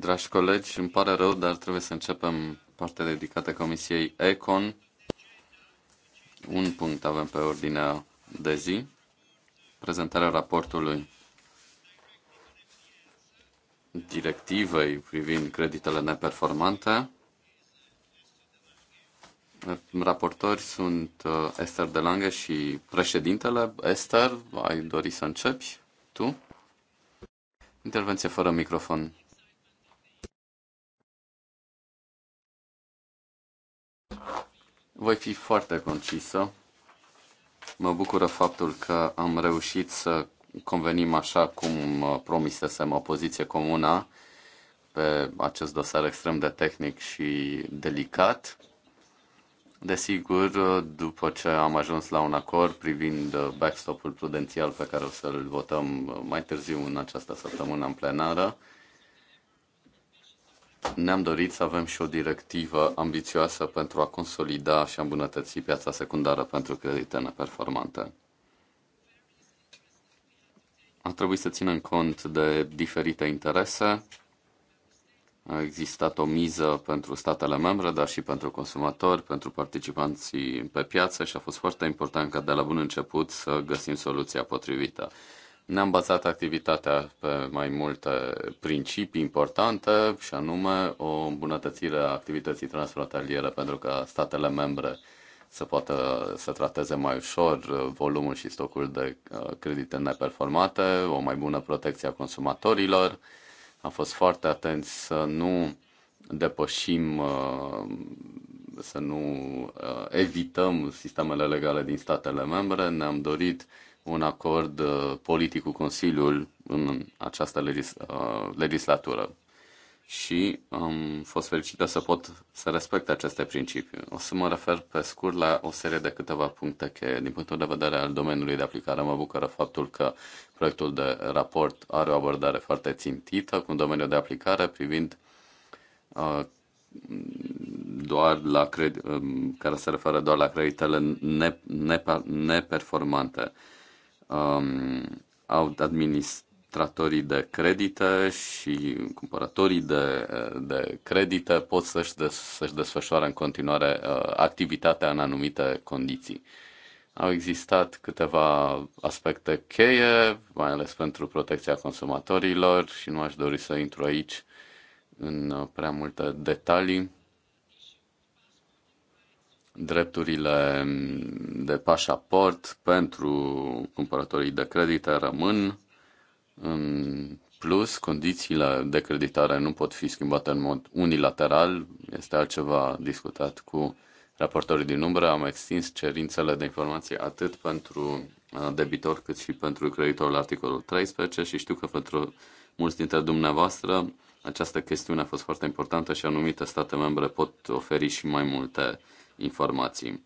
Dragi colegi, îmi pare rău, dar trebuie să începem partea dedicată Comisiei Econ. Un punct avem pe ordinea de zi, prezentarea raportului directivei privind creditele neperformante. Raportori sunt uh, Esther de Lange și președintele. Esther, ai dori să începi? tu? Intervenție fără microfon. Voi fi foarte concisă. Mă bucură faptul că am reușit să convenim așa cum uh, promisesem o poziție comună pe acest dosar extrem de tehnic și delicat. Desigur, după ce am ajuns la un acord privind uh, backstop-ul prudențial pe care o să-l votăm uh, mai târziu în această săptămână în plenară, ne-am dorit să avem și o directivă ambițioasă pentru a consolida și a îmbunătăți piața secundară pentru credite neperformante. A trebuit să ținem cont de diferite interese a existat o miză pentru statele membre, dar și pentru consumatori, pentru participanții pe piață și a fost foarte important ca de la bun început să găsim soluția potrivită. Ne-am bazat activitatea pe mai multe principii importante și anume o îmbunătățire a activității transfrontaliere pentru ca statele membre să poată să trateze mai ușor volumul și stocul de uh, credite neperformate, o mai bună protecție a consumatorilor, am fost foarte atenți să nu depășim, uh, să nu uh, evităm sistemele legale din statele membre. Ne-am dorit un acord uh, politic cu Consiliul în această legis- legislatură și am um, fost fericită să pot să respect aceste principii. O să mă refer pe scurt la o serie de câteva puncte care, din punctul de vedere al domeniului de aplicare, mă bucură faptul că proiectul de raport are o abordare foarte țintită cu un domeniu de aplicare privind uh, doar la cred, um, care se referă doar la creditele ne, ne, neperformante. Um, administ- administratorii de credite și cumpărătorii de, de credite pot să-și, des, să-și desfășoare în continuare uh, activitatea în anumite condiții. Au existat câteva aspecte cheie, mai ales pentru protecția consumatorilor și nu aș dori să intru aici în uh, prea multe detalii drepturile mm, de pașaport pentru cumpărătorii de credite rămân în plus, condițiile de creditare nu pot fi schimbate în mod unilateral. Este altceva discutat cu raportorii din umbră. Am extins cerințele de informație atât pentru uh, debitor cât și pentru creditor la articolul 13 și știu că pentru mulți dintre dumneavoastră această chestiune a fost foarte importantă și anumite state membre pot oferi și mai multe informații.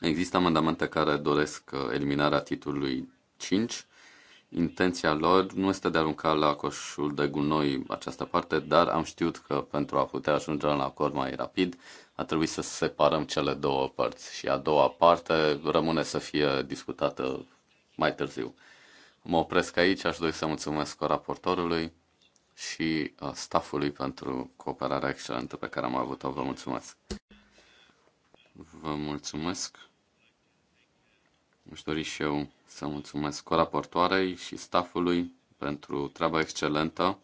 Există amendamente care doresc uh, eliminarea titlului 5 intenția lor nu este de a arunca la coșul de gunoi această parte, dar am știut că pentru a putea ajunge la un acord mai rapid, a trebuit să separăm cele două părți și a doua parte rămâne să fie discutată mai târziu. Mă opresc aici, aș dori să mulțumesc raportorului și uh, staffului pentru cooperarea excelentă pe care am avut-o. Vă mulțumesc! Vă mulțumesc! Aș dori și eu să mulțumesc coraportoarei și staffului pentru treaba excelentă.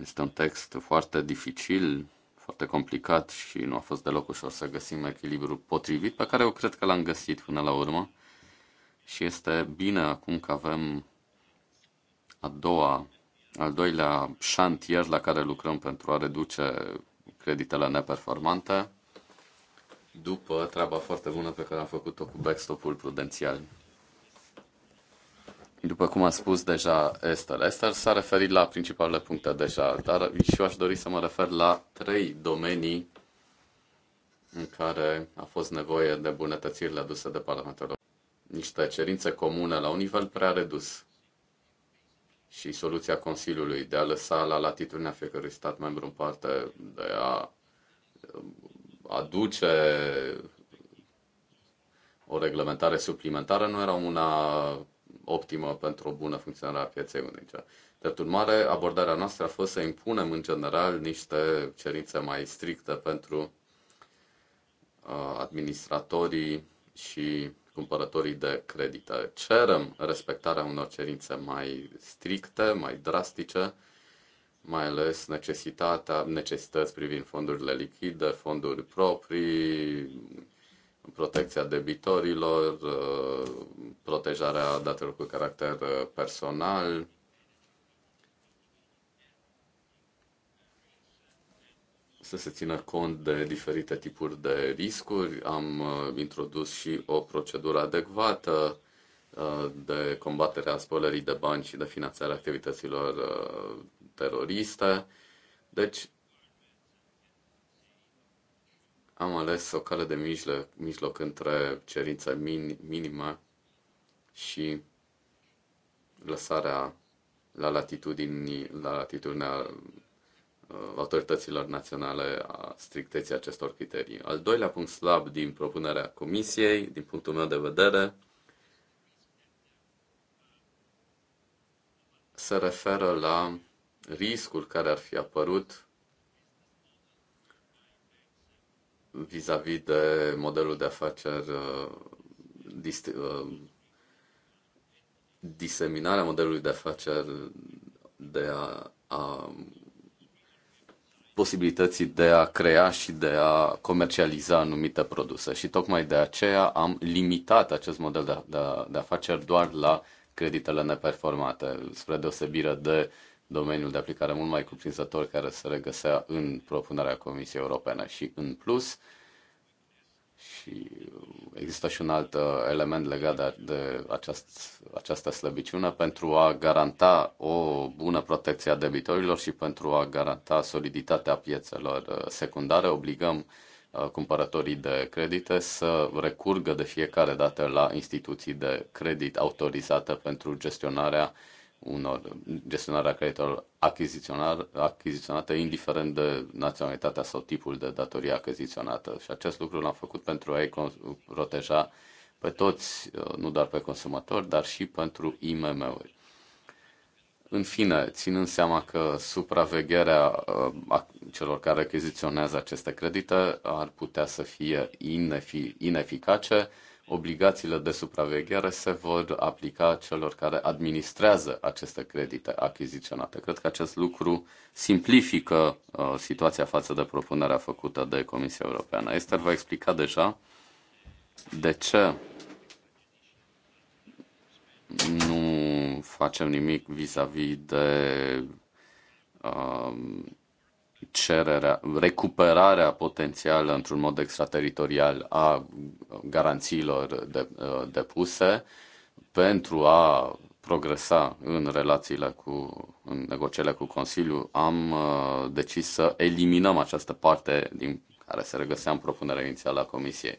Este un text foarte dificil, foarte complicat și nu a fost deloc ușor să găsim echilibru potrivit, pe care eu cred că l-am găsit până la urmă. Și este bine acum că avem a doua, al doilea șantier la care lucrăm pentru a reduce creditele neperformante după treaba foarte bună pe care am făcut-o cu backstop-ul prudențial. După cum a spus deja Esther, Esther s-a referit la principalele puncte deja, dar și eu aș dori să mă refer la trei domenii în care a fost nevoie de bunătățirile aduse de Parlamentul Niște cerințe comune la un nivel prea redus și soluția Consiliului de a lăsa la latitudinea fiecărui stat membru în parte de a aduce o reglementare suplimentară nu era una optimă pentru o bună funcționare a pieței unice. De urmare, abordarea noastră a fost să impunem în general niște cerințe mai stricte pentru uh, administratorii și cumpărătorii de credite. Cerem respectarea unor cerințe mai stricte, mai drastice, mai ales necesitatea, necesități privind fondurile lichide, fonduri proprii, protecția debitorilor, uh, protejarea datelor cu caracter uh, personal. Să se țină cont de diferite tipuri de riscuri. Am uh, introdus și o procedură adecvată de combaterea spălării de bani și de finanțarea activităților teroriste. Deci, am ales o cale de mijloc, mijloc între cerința min, minimă și lăsarea la latitudini, la latitudinea uh, autorităților naționale a stricteții acestor criterii. Al doilea punct slab din propunerea Comisiei, din punctul meu de vedere, se referă la riscul care ar fi apărut vis-a-vis -vis de modelul de afaceri uh, uh, diseminarea modelului de afaceri de a, a posibilității de a crea și de a comercializa anumite produse. Și tocmai de aceea am limitat acest model de, de, de afaceri doar la creditele neperformate, spre deosebire de uh, domeniul de aplicare mult mai cuprinzător care se regăsea în propunerea Comisiei Europene și în plus și există și un alt uh, element legat de, de aceast, această slăbiciune pentru a garanta o bună protecție a debitorilor și pentru a garanta soliditatea piețelor uh, secundare obligăm uh, cumpărătorii de credite să recurgă de fiecare dată la instituții de credit autorizate pentru gestionarea uh, unor gestionarea creditelor achiziționate, indiferent de naționalitatea sau tipul de datorie achiziționată. Și acest lucru l-am făcut pentru a-i proteja pe toți, uh, nu doar pe consumatori, dar și pentru IMM-uri. În fine, ținând seama că supravegherea uh, celor care achiziționează aceste credite ar putea să fie inefic ineficace, obligațiile de supraveghere se vor aplica celor care administrează aceste credite achiziționate. Cred că acest lucru simplifică uh, situația față de propunerea făcută de Comisia Europeană. Esther va explica deja de ce nu facem nimic vis-a-vis -vis de uh, cererea, recuperarea potențială într-un mod extrateritorial a garanțiilor de, uh, depuse pentru a progresa în relațiile cu, în negocierile cu Consiliu, am uh, decis să eliminăm această parte din care se regăsea în propunerea inițială a Comisiei.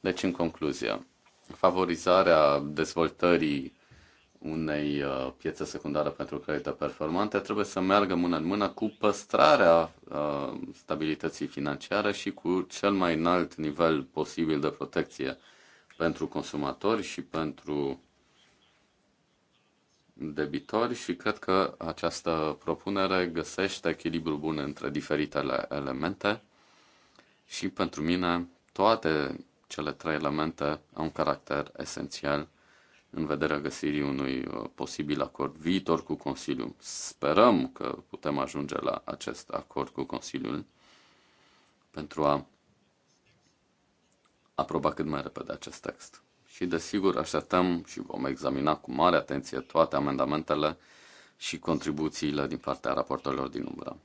Deci, în concluzie, favorizarea dezvoltării unei uh, piețe secundare pentru credite performante trebuie să meargă mână în mână cu păstrarea uh, stabilității financiare și cu cel mai înalt nivel posibil de protecție pentru consumatori și pentru debitori și cred că această propunere găsește echilibru bun între diferitele elemente și pentru mine toate cele trei elemente au un caracter esențial în vederea găsirii unui uh, posibil acord viitor cu Consiliul. Sperăm că putem ajunge la acest acord cu Consiliul pentru a aproba cât mai repede acest text. Și desigur așteptăm și vom examina cu mare atenție toate amendamentele și contribuțiile din partea raportorilor din umbră.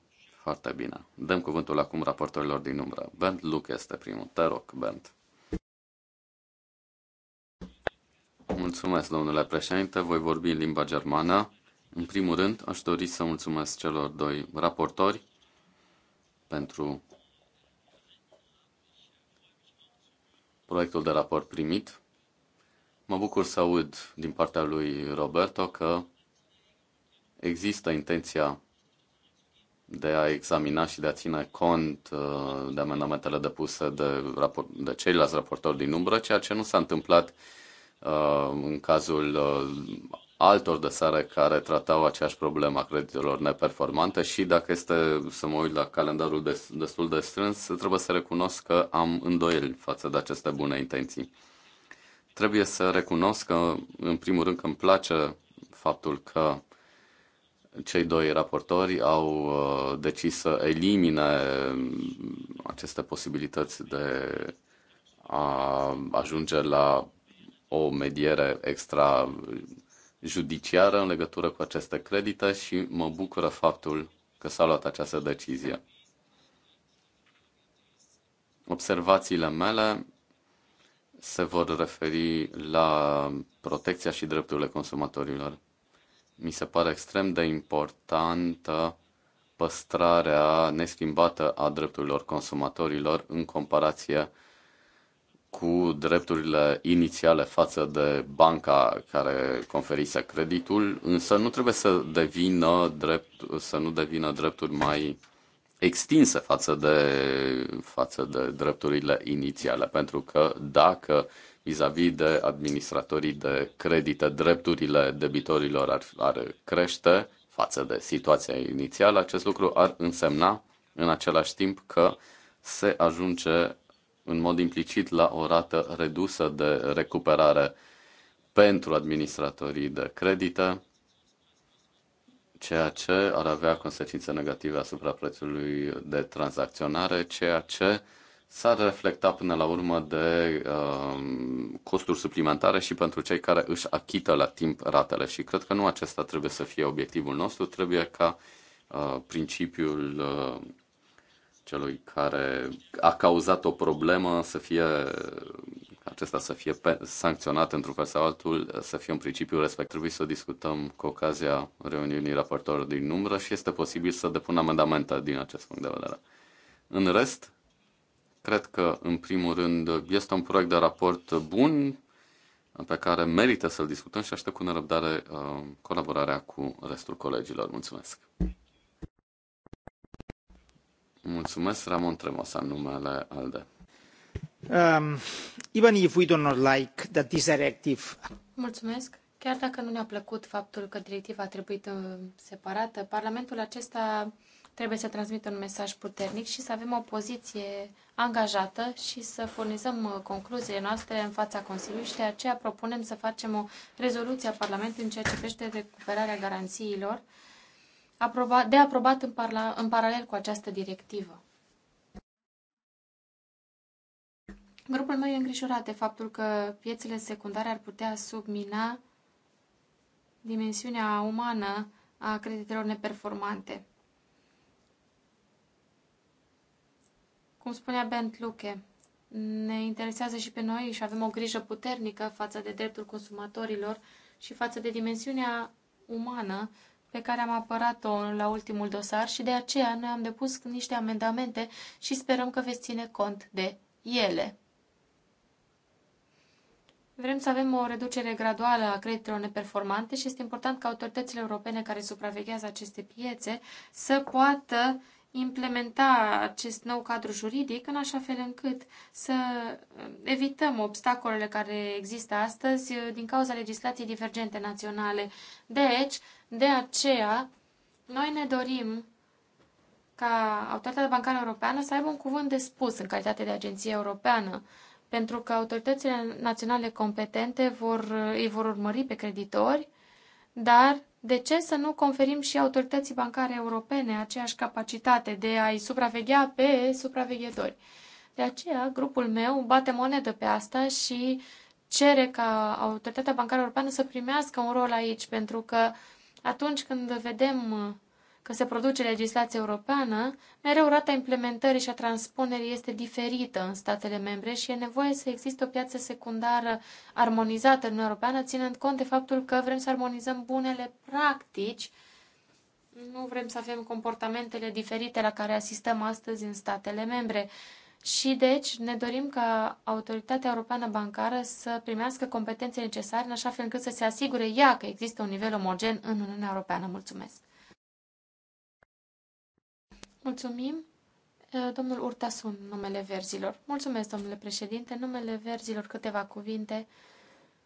Foarte bine. Dăm cuvântul acum raportorilor din umbră. Bent Luke este primul. Te rog, Bent. Mulțumesc, domnule președinte. Voi vorbi în limba germană. În primul rând, aș dori să mulțumesc celor doi raportori pentru proiectul de raport primit. Mă bucur să aud din partea lui Roberto că există intenția de a examina și de a ține cont uh, de amendamentele depuse de, de ceilalți raportori din umbră, ceea ce nu s-a întâmplat Uh, în cazul uh, altor de sare care tratau aceeași problemă a creditelor neperformante și dacă este să mă uit la calendarul destul de strâns, trebuie să recunosc că am îndoieli față de aceste bune intenții. Trebuie să recunosc că, în primul rând, că îmi place faptul că cei doi raportori au uh, decis să elimine aceste posibilități de a ajunge la o mediere extra judiciară în legătură cu aceste credite și mă bucură faptul că s-a luat această decizie. Observațiile mele se vor referi la protecția și drepturile consumatorilor. Mi se pare extrem de importantă păstrarea neschimbată a drepturilor consumatorilor în comparație cu drepturile inițiale față de banca care conferise creditul, însă nu trebuie să devină drept, să nu devină drepturi mai extinse față de, față de drepturile inițiale, pentru că dacă vis-a-vis -vis de administratorii de credite, drepturile debitorilor ar, ar crește față de situația inițială, acest lucru ar însemna în același timp că se ajunge în mod implicit la o rată redusă de recuperare pentru administratorii de credite, ceea ce ar avea consecințe negative asupra prețului de tranzacționare, ceea ce s-ar reflecta până la urmă de uh, costuri suplimentare și pentru cei care își achită la timp ratele. Și cred că nu acesta trebuie să fie obiectivul nostru, trebuie ca uh, principiul uh, celui care a cauzat o problemă să fie acesta să fie sancționat într-un fel sau altul, să fie în principiu respect. Trebuie să discutăm cu ocazia reuniunii raportorilor din numără și este posibil să depun amendamente din acest punct de vedere. În rest, cred că, în primul rând, este un proiect de raport bun pe care merită să-l discutăm și aștept cu nerăbdare uh, colaborarea cu restul colegilor. Mulțumesc! Mulțumesc, Ramon Tremosa, numele ALDE. Um, even if we do not like that this directive... Mulțumesc. Chiar dacă nu ne-a plăcut faptul că directiva a trebuit uh, separată, Parlamentul acesta trebuie să transmită un mesaj puternic și să avem o poziție angajată și să furnizăm uh, concluziile noastre în fața Consiliului și de aceea propunem să facem o rezoluție a Parlamentului în ceea ce privește recuperarea garanțiilor de aprobat în, parla, în paralel cu această directivă. Grupul meu e îngrijorat de faptul că piețele secundare ar putea submina dimensiunea umană a creditelor neperformante. Cum spunea Bent Luke, ne interesează și pe noi și avem o grijă puternică față de dreptul consumatorilor și față de dimensiunea umană pe care am apărat-o la ultimul dosar și de aceea noi am depus niște amendamente și sperăm că veți ține cont de ele. Vrem să avem o reducere graduală a creditelor neperformante și este important ca autoritățile europene care supraveghează aceste piețe să poată implementa acest nou cadru juridic în așa fel încât să evităm obstacolele care există astăzi din cauza legislației divergente naționale. Deci, de aceea, noi ne dorim ca Autoritatea Bancară Europeană să aibă un cuvânt de spus în calitate de agenție europeană, pentru că autoritățile naționale competente vor, îi vor urmări pe creditori, dar de ce să nu conferim și autorității bancare europene aceeași capacitate de a-i supraveghea pe supraveghetori? De aceea, grupul meu bate monedă pe asta și cere ca Autoritatea Bancară Europeană să primească un rol aici, pentru că uh, atunci când vedem uh, că se produce legislație europeană, mereu rata implementării și a transpunerii este diferită în statele membre și e nevoie să existe o piață secundară armonizată în Uniunea Europeană, ținând cont de faptul că vrem să armonizăm bunele practici, nu vrem să avem comportamentele diferite la care asistăm astăzi în statele membre. Și deci ne dorim ca Autoritatea Europeană Bancară să primească competențe necesare în așa fel încât să se asigure ea că există un nivel omogen în Uniunea Europeană. Mulțumesc! Mulțumim! Domnul Urtasun, numele verzilor. Mulțumesc, domnule președinte. Numele verzilor câteva cuvinte.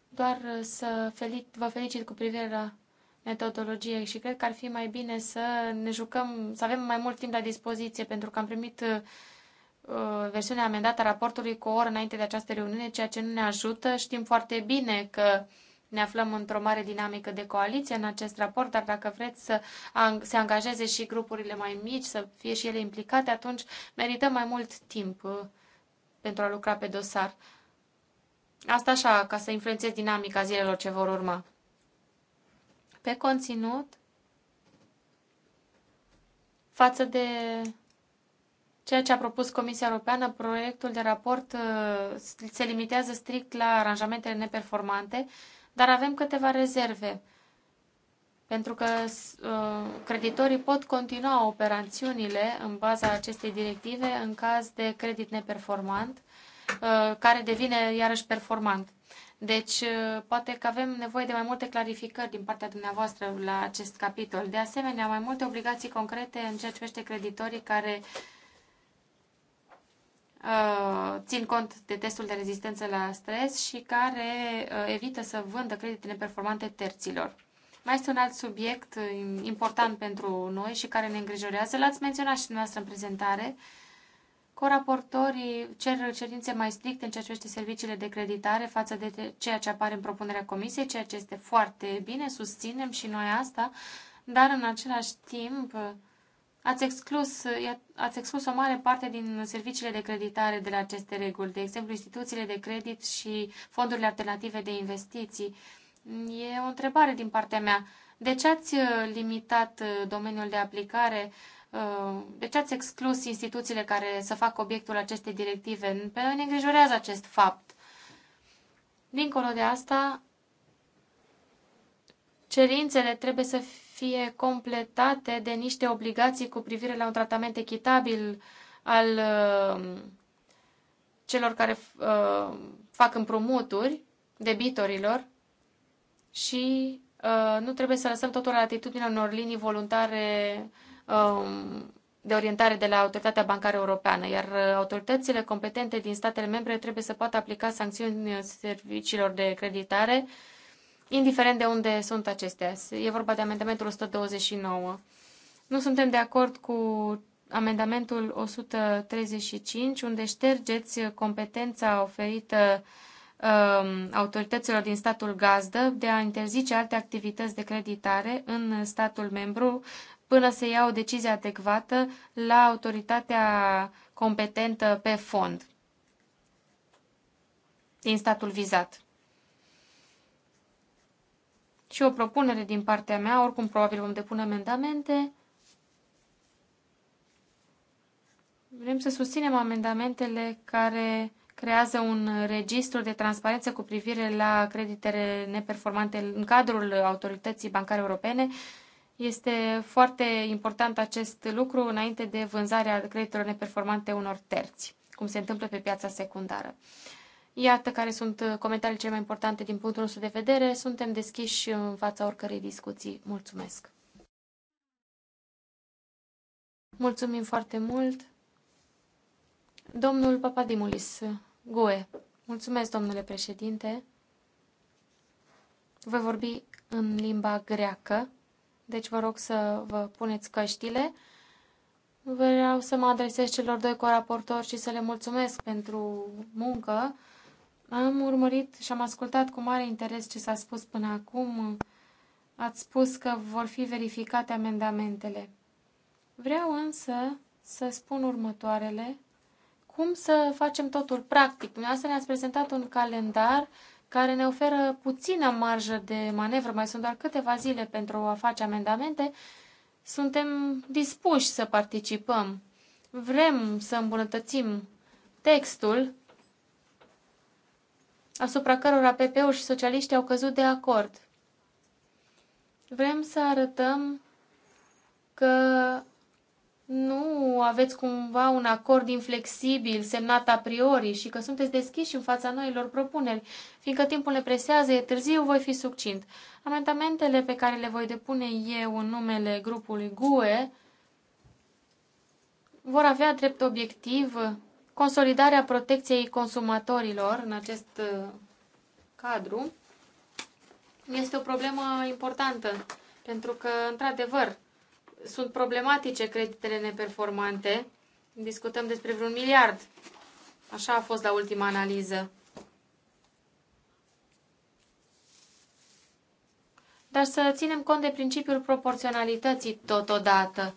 Doar să felic, vă felicit cu privire la metodologie și cred că ar fi mai bine să ne jucăm, să avem mai mult timp la dispoziție pentru că am primit Uh, versiunea amendată a raportului cu o oră înainte de această reuniune, ceea ce nu ne ajută. Știm foarte bine că ne aflăm într-o mare dinamică de coaliție în acest raport, dar dacă vreți să se angajeze și grupurile mai mici, să fie și ele implicate, atunci merităm mai mult timp uh, pentru a lucra pe dosar. Asta așa, ca să influențez dinamica zilelor ce vor urma. Pe conținut, față de ceea ce a propus Comisia Europeană, proiectul de raport uh, se limitează strict la aranjamentele neperformante, dar avem câteva rezerve, pentru că uh, creditorii pot continua operațiunile în baza acestei directive în caz de credit neperformant, uh, care devine iarăși performant. Deci, poate că avem nevoie de mai multe clarificări din partea dumneavoastră la acest capitol. De asemenea, mai multe obligații concrete în ceea ce privește creditorii care uh, Uh, țin cont de testul de rezistență la stres și care uh, evită să vândă credite neperformante terților. Mai este un alt subiect uh, important pentru noi și care ne îngrijorează. L-ați menționat și dumneavoastră în prezentare. Coraportorii cer cerințe mai stricte în ceea ce privește serviciile de creditare față de ceea ce apare în propunerea comisiei, ceea ce este foarte bine, susținem și noi asta, dar în același timp Ați exclus, ați exclus o mare parte din serviciile de creditare de la aceste reguli, de exemplu instituțiile de credit și fondurile alternative de investiții. E o întrebare din partea mea. De ce ați uh, limitat uh, domeniul de aplicare? Uh, de ce ați exclus instituțiile care să facă obiectul acestei directive? Pe noi ne îngrijorează acest fapt. Dincolo de asta, cerințele trebuie să fie fie completate de niște obligații cu privire la un tratament echitabil al uh, celor care uh, fac împrumuturi, debitorilor, și uh, nu trebuie să lăsăm totul la atitudinea unor linii voluntare um, de orientare de la Autoritatea Bancară Europeană, iar autoritățile competente din statele membre trebuie să poată aplica sancțiuni serviciilor de creditare uh, indiferent de unde sunt acestea. E vorba de amendamentul 129. Nu suntem de acord cu amendamentul 135, unde ștergeți competența oferită um, autorităților din statul gazdă de a interzice alte activități de creditare în statul membru până se ia o decizie adecvată la autoritatea competentă pe fond din statul vizat și o propunere din partea mea, oricum probabil vom depune amendamente. Vrem să susținem amendamentele care creează un registru de transparență cu privire la creditele neperformante în cadrul Autorității Bancare Europene. Este foarte important acest lucru înainte de vânzarea creditelor neperformante unor terți, cum se întâmplă pe piața secundară. Iată care sunt uh, comentariile cele mai importante din punctul nostru de vedere. Suntem deschiși în fața oricărei discuții. Mulțumesc! Mulțumim foarte mult! Domnul Papadimulis, uh, Goe, Mulțumesc, domnule președinte. Voi vorbi în limba greacă, deci vă rog să vă puneți căștile. Vreau să mă adresez celor doi coraportori și să le mulțumesc pentru muncă am urmărit și am ascultat cu mare interes ce s-a spus până acum. Ați spus că vor fi verificate amendamentele. Vreau însă să spun următoarele. Cum să facem totul practic? Dumneavoastră ne-ați prezentat un calendar care ne oferă puțină marjă de manevră, mai sunt doar câteva zile pentru a face amendamente, suntem dispuși să participăm. Vrem să îmbunătățim textul, asupra cărora PP-ul și socialiștii au căzut de acord. Vrem să arătăm că nu aveți cumva un acord inflexibil semnat a priori și că sunteți deschiși în fața noilor propuneri, fiindcă timpul ne presează, e târziu, voi fi succint. Amendamentele pe care le voi depune eu în numele grupului GUE vor avea drept obiectiv consolidarea protecției consumatorilor în acest uh, cadru este o problemă importantă, pentru că, într-adevăr, sunt problematice creditele neperformante. Discutăm despre vreun miliard. Așa a fost la ultima analiză. Dar să ținem cont de principiul proporționalității totodată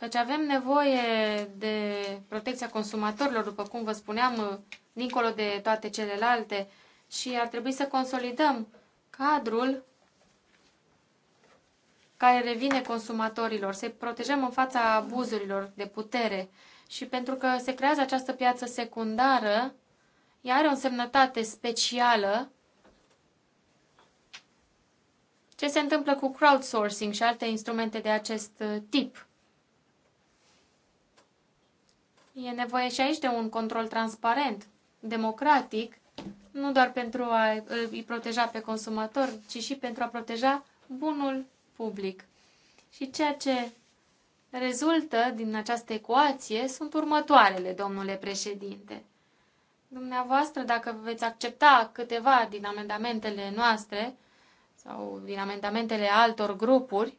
căci avem nevoie de protecția consumatorilor, după cum vă spuneam, dincolo de toate celelalte, și ar trebui să consolidăm cadrul care revine consumatorilor, să protejăm în fața abuzurilor de putere. Și pentru că se creează această piață secundară, ea are o însemnătate specială. Ce se întâmplă cu crowdsourcing și alte instrumente de acest tip? E nevoie și aici de un control transparent, democratic, nu doar pentru a îi proteja pe consumator, ci și pentru a proteja bunul public. Și ceea ce rezultă din această ecuație sunt următoarele, domnule președinte. Dumneavoastră, dacă veți accepta câteva din amendamentele noastre sau din amendamentele altor grupuri,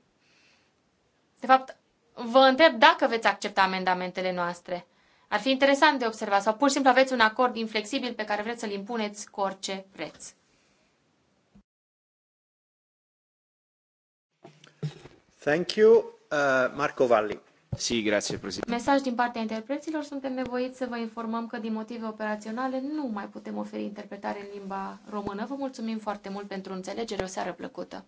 de fapt, vă întreb dacă veți accepta amendamentele noastre. Ar fi interesant de observat sau pur și simplu aveți un acord inflexibil pe care vreți să-l impuneți cu orice preț. Thank you, uh, Marco Valli. Si, grazie, președinte. Mesaj din partea interpreților. Suntem nevoiți să vă informăm că din motive operaționale nu mai putem oferi interpretare în limba română. Vă mulțumim foarte mult pentru înțelegere. O seară plăcută.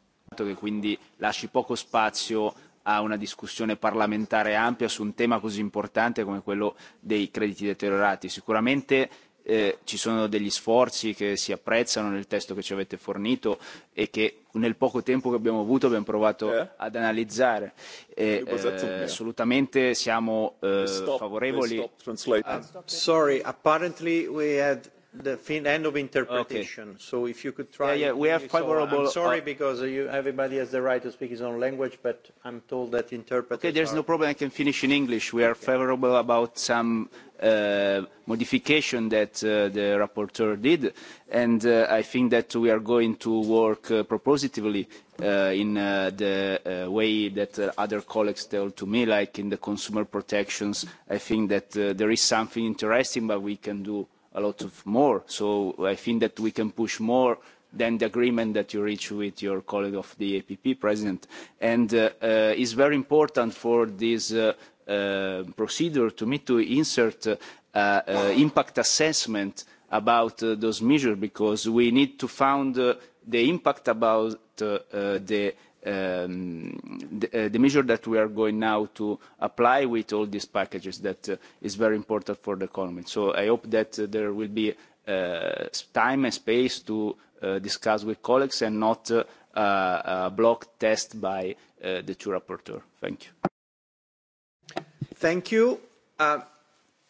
Quindi lasci poco spazio a una discussione parlamentare ampia su un tema così importante come quello dei crediti deteriorati. Sicuramente eh, ci sono degli sforzi che si apprezzano nel testo che ci avete fornito e che nel poco tempo che abbiamo avuto abbiamo provato eh? ad analizzare. E, eh, assolutamente siamo eh, stop, favorevoli. Stop Sorry, apparently we had the fin end of interpretation. Okay. So if you could try. Yeah, yeah we have favorable. So I'm sorry uh, because you, everybody has the right to speak his own language, but I'm told that interpreters. Okay, there's are... no problem. I can finish in English. We are okay. favorable about some uh, modification that uh, the rapporteur did, and uh, I think that we are going to work uh, propositively uh, in uh, the uh, way that uh, other colleagues tell to me, like in the consumer protections. I think that uh, there is something interesting, but we can do a lot of more. So I think that we can push more than the agreement that you reach with your colleague of the APP president. And uh, uh, it's very important for this uh, uh, procedure to me to insert uh, uh, impact assessment about uh, those measures because we need to found uh, the impact about uh, uh, the um, the, uh, the measure that we are going now to apply with all these packages that uh, is very important for the economy. So I hope that uh, there will be uh, time and space to uh, discuss with colleagues and not uh, a block test by uh, the two rapporteur. Thank you. Thank you. Uh,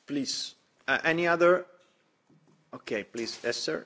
please, uh, any other? Okay, please, yes, sir.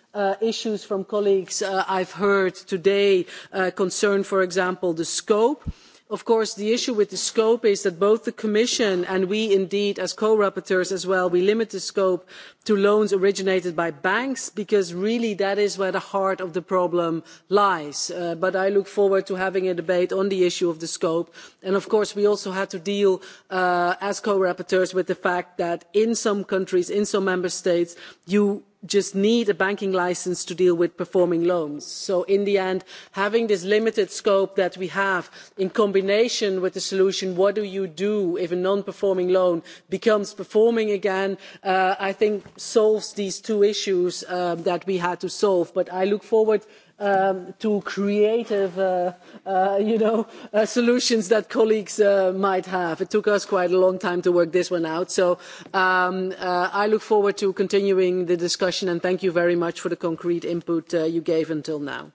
Uh, issues from colleagues uh, I've heard today uh, concern, for example, the scope. Of course, the issue with the scope is that both the Commission and we, indeed, as co-rapporteurs as well, we limit the scope to loans originated by banks because really that is where the heart of the problem lies. Uh, but I look forward to having a debate on the issue of the scope. And of course, we also had to deal uh, as co-rapporteurs with the fact that in some countries, in some member states, you just need a banking licence to deal with performing loans. So in the end, having this limited scope that we have in combination with the solution, what do you do if a non-performing loan becomes performing again? Uh, I think solves these two issues um, that we had to solve. But I look forward um, to creative, uh, uh, you know, uh, solutions that colleagues uh, might have. It took us quite a long time to work this one out. So um, uh, I look forward to continuing the discussion and thank you very much for the concrete input uh, you gave until now.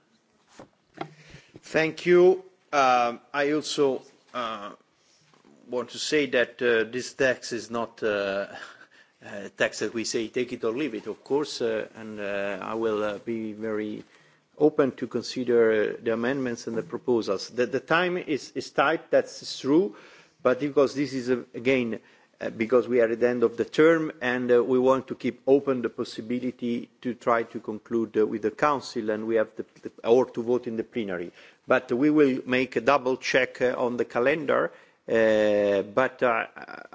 Thank you. Um, I also want to say that this text is not Uh, text that we say take it or leave it, of course, uh, and uh, I will uh, be very open to consider uh, the amendments and the proposals. The, the time is, is tight, that's true, but because this is, a, uh, again, uh, because we are at the end of the term and uh, we want to keep open the possibility to try to conclude uh, with the Council and we have the, the, or to vote in the plenary. But we will make a double check uh, on the calendar Uh, but uh,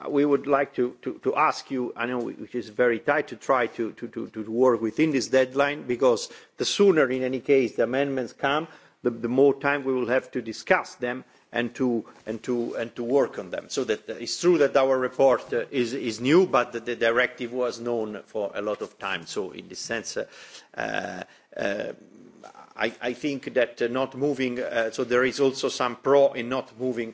we would like to, to, to ask you, I know it is very tight, to try to, to, to work within this deadline because the sooner, in any case, the amendments come, the, the more time we will have to discuss them and to, and to, and to work on them. So that it's true that our report uh, is, is new, but the, the directive was known for a lot of time. So in this sense, uh, uh, I, I think that not moving, uh, so there is also some pro in not moving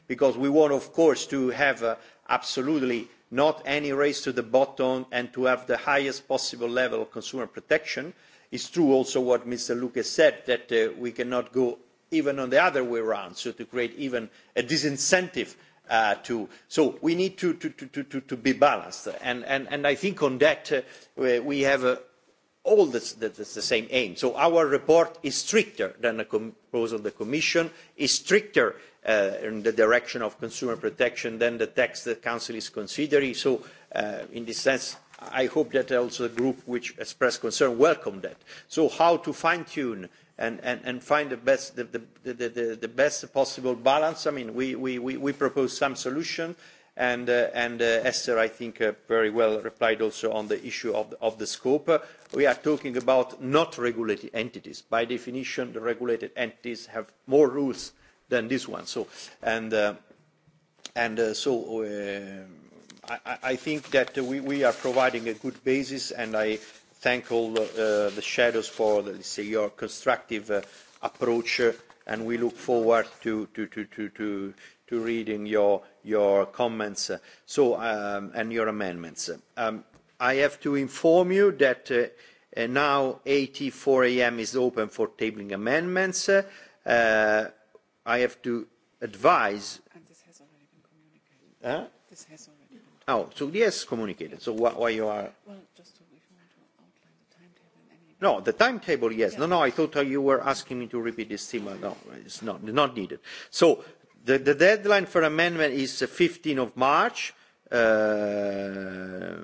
because we want, of course, to have uh, absolutely not any race to the bottom and to have the highest possible level of consumer protection. It's true also what Mr. Lucas said, that uh, we cannot go even on the other way around, so to create even a disincentive uh, to... So we need to, to, to, to, to be balanced. And, and, and I think on that uh, we have uh, all this, the same aim. So our report is stricter than the proposal of the Commission, is stricter uh, in the direction of consumer protection than the text the Council is considering. So uh, in this sense, I hope that also the group which expressed concern welcomed that. So how to fine-tune and, and, and find the best, the, the, the, the, the best possible balance? I mean, we, we, we, we propose some solution, and, uh, and uh, Esther, I think, uh, very well replied also on the issue of the, of the scope. we are talking about not regulated entities. By definition, the regulated entities have more rules than this one. So, and uh, and uh, so uh, I, I think that we, we are providing a good basis, and I thank all uh, the shadows for let's say your constructive uh, approach, uh, and we look forward to to to to. to to reading your your comments uh, so um, and your amendments. Um, I have to inform you that uh, uh now 84 a.m. is open for tabling amendments. Uh, uh I have to advise. And this has already been communicated. Huh? This has already been. Oh, so yes, communicated. So why, why you are? Well, just to, if you want to outline the timetable in any. No, the timetable, yes. Yeah. No, no. I thought uh, you were asking me to repeat this theme. No, it's not not needed. So the, the deadline for amendment is 15 of March. Uh,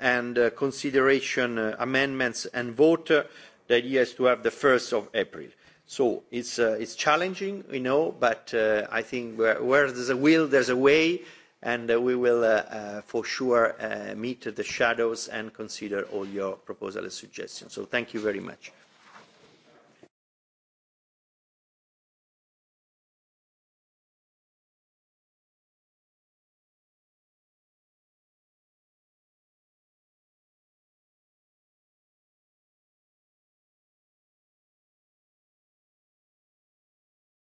and uh, consideration uh, amendments and vote, uh, the idea is to have the 1st of April So it's, uh, it's challenging, we know, but uh, I think where, where there's a will, there's a way, and uh, we will uh, uh, for sure uh, meet the shadows and consider all your proposals and suggestions. So thank you very much.